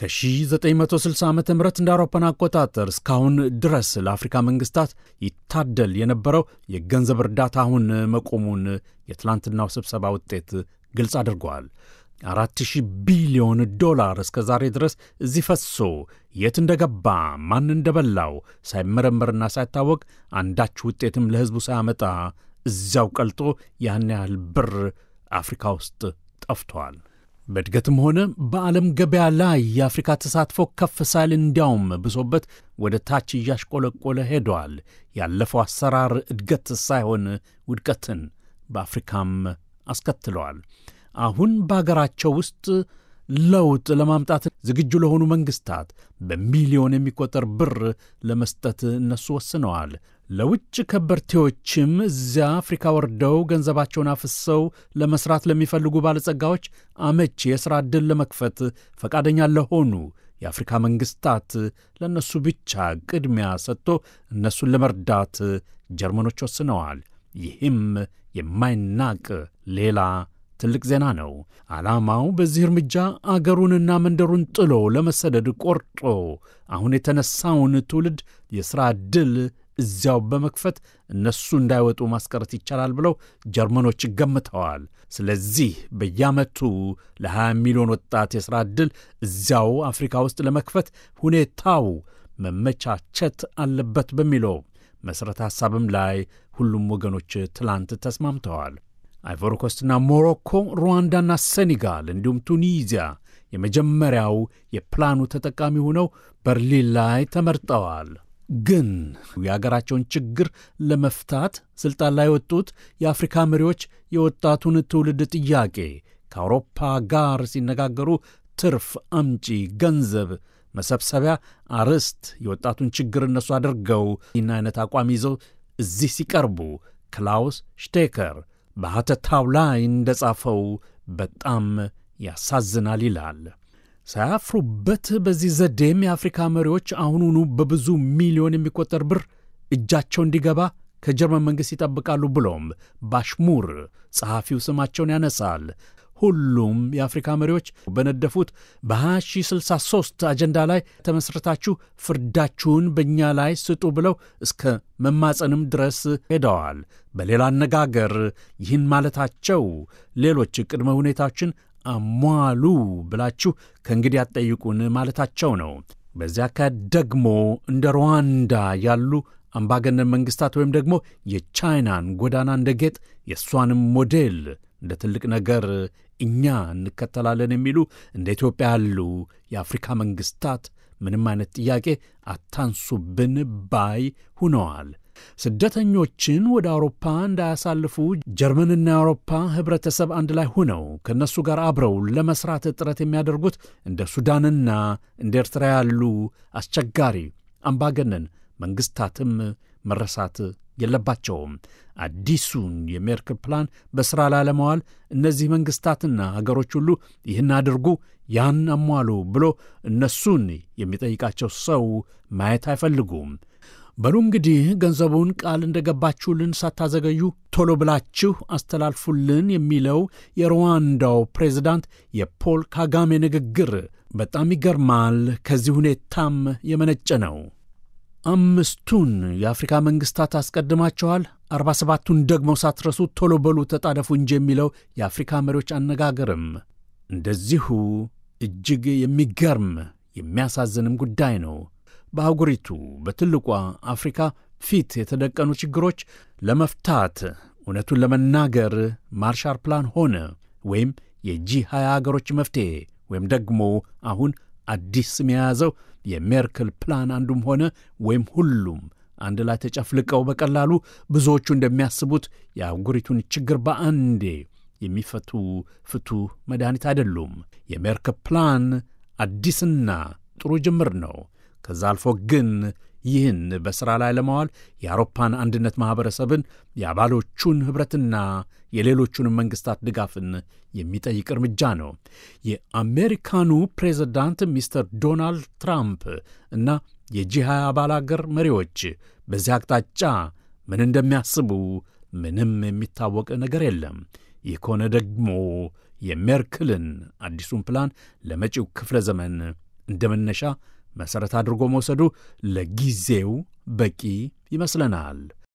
ከ1960 ዓ ም እንደ አውሮፓን አቆጣጠር እስካሁን ድረስ ለአፍሪካ መንግስታት ይታደል የነበረው የገንዘብ እርዳታ አሁን መቆሙን የትላንትናው ስብሰባ ውጤት ግልጽ አድርገዋል። 400 ቢሊዮን ዶላር እስከ ዛሬ ድረስ እዚህ ፈሶ የት እንደገባ ማን እንደበላው ሳይመረመርና ሳይታወቅ አንዳች ውጤትም ለሕዝቡ ሳያመጣ እዚያው ቀልጦ ያን ያህል ብር አፍሪካ ውስጥ ጠፍቷል። በእድገትም ሆነ በዓለም ገበያ ላይ የአፍሪካ ተሳትፎ ከፍ ሳይል እንዲያውም ብሶበት ወደ ታች እያሽቆለቆለ ሄደዋል። ያለፈው አሰራር እድገት ሳይሆን ውድቀትን በአፍሪካም አስከትለዋል። አሁን በአገራቸው ውስጥ ለውጥ ለማምጣት ዝግጁ ለሆኑ መንግስታት በሚሊዮን የሚቆጠር ብር ለመስጠት እነሱ ወስነዋል። ለውጭ ከበርቴዎችም እዚያ አፍሪካ ወርደው ገንዘባቸውን አፍሰው ለመስራት ለሚፈልጉ ባለጸጋዎች አመች የሥራ ዕድል ለመክፈት ፈቃደኛ ለሆኑ የአፍሪካ መንግስታት ለእነሱ ብቻ ቅድሚያ ሰጥቶ እነሱን ለመርዳት ጀርመኖች ወስነዋል። ይህም የማይናቅ ሌላ ትልቅ ዜና ነው። ዓላማው በዚህ እርምጃ አገሩንና መንደሩን ጥሎ ለመሰደድ ቆርጦ አሁን የተነሳውን ትውልድ የሥራ ዕድል እዚያው በመክፈት እነሱ እንዳይወጡ ማስቀረት ይቻላል ብለው ጀርመኖች ገምተዋል። ስለዚህ በየዓመቱ ለ20 ሚሊዮን ወጣት የሥራ ዕድል እዚያው አፍሪካ ውስጥ ለመክፈት ሁኔታው መመቻቸት አለበት በሚለው መሠረተ ሐሳብም ላይ ሁሉም ወገኖች ትላንት ተስማምተዋል። አይቮሪኮስትና ሞሮኮ፣ ሩዋንዳና ሴኔጋል እንዲሁም ቱኒዚያ የመጀመሪያው የፕላኑ ተጠቃሚ ሆነው በርሊን ላይ ተመርጠዋል። ግን የአገራቸውን ችግር ለመፍታት ስልጣን ላይ የወጡት የአፍሪካ መሪዎች የወጣቱን ትውልድ ጥያቄ ከአውሮፓ ጋር ሲነጋገሩ ትርፍ አምጪ ገንዘብ መሰብሰቢያ አርዕስት የወጣቱን ችግር እነሱ አድርገው ይህን አይነት አቋም ይዘው እዚህ ሲቀርቡ ክላውስ ሽቴከር በሐተታው ላይ እንደ ጻፈው በጣም ያሳዝናል ይላል። ሳያፍሩበት በዚህ ዘዴም የአፍሪካ መሪዎች አሁኑኑ በብዙ ሚሊዮን የሚቆጠር ብር እጃቸው እንዲገባ ከጀርመን መንግሥት ይጠብቃሉ። ብሎም ባሽሙር ጸሐፊው ስማቸውን ያነሳል። ሁሉም የአፍሪካ መሪዎች በነደፉት በ2063 አጀንዳ ላይ ተመስርታችሁ ፍርዳችሁን በእኛ ላይ ስጡ ብለው እስከ መማፀንም ድረስ ሄደዋል። በሌላ አነጋገር ይህን ማለታቸው ሌሎች ቅድመ ሁኔታዎችን አሟሉ ብላችሁ ከእንግዲህ አትጠይቁን ማለታቸው ነው። በዚያ አካሄድ ደግሞ እንደ ሩዋንዳ ያሉ አምባገነን መንግሥታት ወይም ደግሞ የቻይናን ጎዳና እንደ ጌጥ የእሷንም ሞዴል እንደ ትልቅ ነገር እኛ እንከተላለን የሚሉ እንደ ኢትዮጵያ ያሉ የአፍሪካ መንግስታት ምንም አይነት ጥያቄ አታንሱብን ባይ ሁነዋል። ስደተኞችን ወደ አውሮፓ እንዳያሳልፉ ጀርመንና የአውሮፓ ኅብረተሰብ አንድ ላይ ሆነው ከእነሱ ጋር አብረው ለመሥራት ጥረት የሚያደርጉት እንደ ሱዳንና እንደ ኤርትራ ያሉ አስቸጋሪ አምባገነን መንግስታትም መረሳት የለባቸውም። አዲሱን የሜርክል ፕላን በሥራ ላለመዋል እነዚህ መንግሥታትና አገሮች ሁሉ ይህን አድርጉ ያን አሟሉ ብሎ እነሱን የሚጠይቃቸው ሰው ማየት አይፈልጉም። በሉ እንግዲህ ገንዘቡን ቃል እንደገባችሁልን ሳታዘገዩ ቶሎ ብላችሁ አስተላልፉልን የሚለው የሩዋንዳው ፕሬዝዳንት የፖል ካጋሜ ንግግር በጣም ይገርማል። ከዚህ ሁኔታም የመነጨ ነው። አምስቱን የአፍሪካ መንግስታት አስቀድማቸዋል፣ አርባ ሰባቱን ደግሞ ሳትረሱ ቶሎ በሉ ተጣደፉ እንጂ የሚለው የአፍሪካ መሪዎች አነጋገርም እንደዚሁ እጅግ የሚገርም የሚያሳዝንም ጉዳይ ነው። በአህጉሪቱ በትልቋ አፍሪካ ፊት የተደቀኑ ችግሮች ለመፍታት እውነቱን ለመናገር ማርሻል ፕላን ሆነ ወይም የጂ 20 አገሮች መፍትሄ ወይም ደግሞ አሁን አዲስ ስም የያዘው የሜርክል ፕላን አንዱም ሆነ ወይም ሁሉም አንድ ላይ ተጨፍልቀው በቀላሉ ብዙዎቹ እንደሚያስቡት የአህጉሪቱን ችግር በአንዴ የሚፈቱ ፍቱህ መድኃኒት አይደሉም። የሜርክል ፕላን አዲስና ጥሩ ጅምር ነው። ከዛ አልፎ ግን ይህን በሥራ ላይ ለማዋል የአውሮፓን አንድነት ማኅበረሰብን የአባሎቹን ኅብረትና የሌሎቹንም መንግሥታት ድጋፍን የሚጠይቅ እርምጃ ነው። የአሜሪካኑ ፕሬዝዳንት ሚስተር ዶናልድ ትራምፕ እና የጂ 20 አባል አገር መሪዎች በዚህ አቅጣጫ ምን እንደሚያስቡ ምንም የሚታወቅ ነገር የለም። ይህ ከሆነ ደግሞ የሜርክልን አዲሱን ፕላን ለመጪው ክፍለ ዘመን እንደ መነሻ መሠረት አድርጎ መውሰዱ ለጊዜው በቂ ይመስለናል።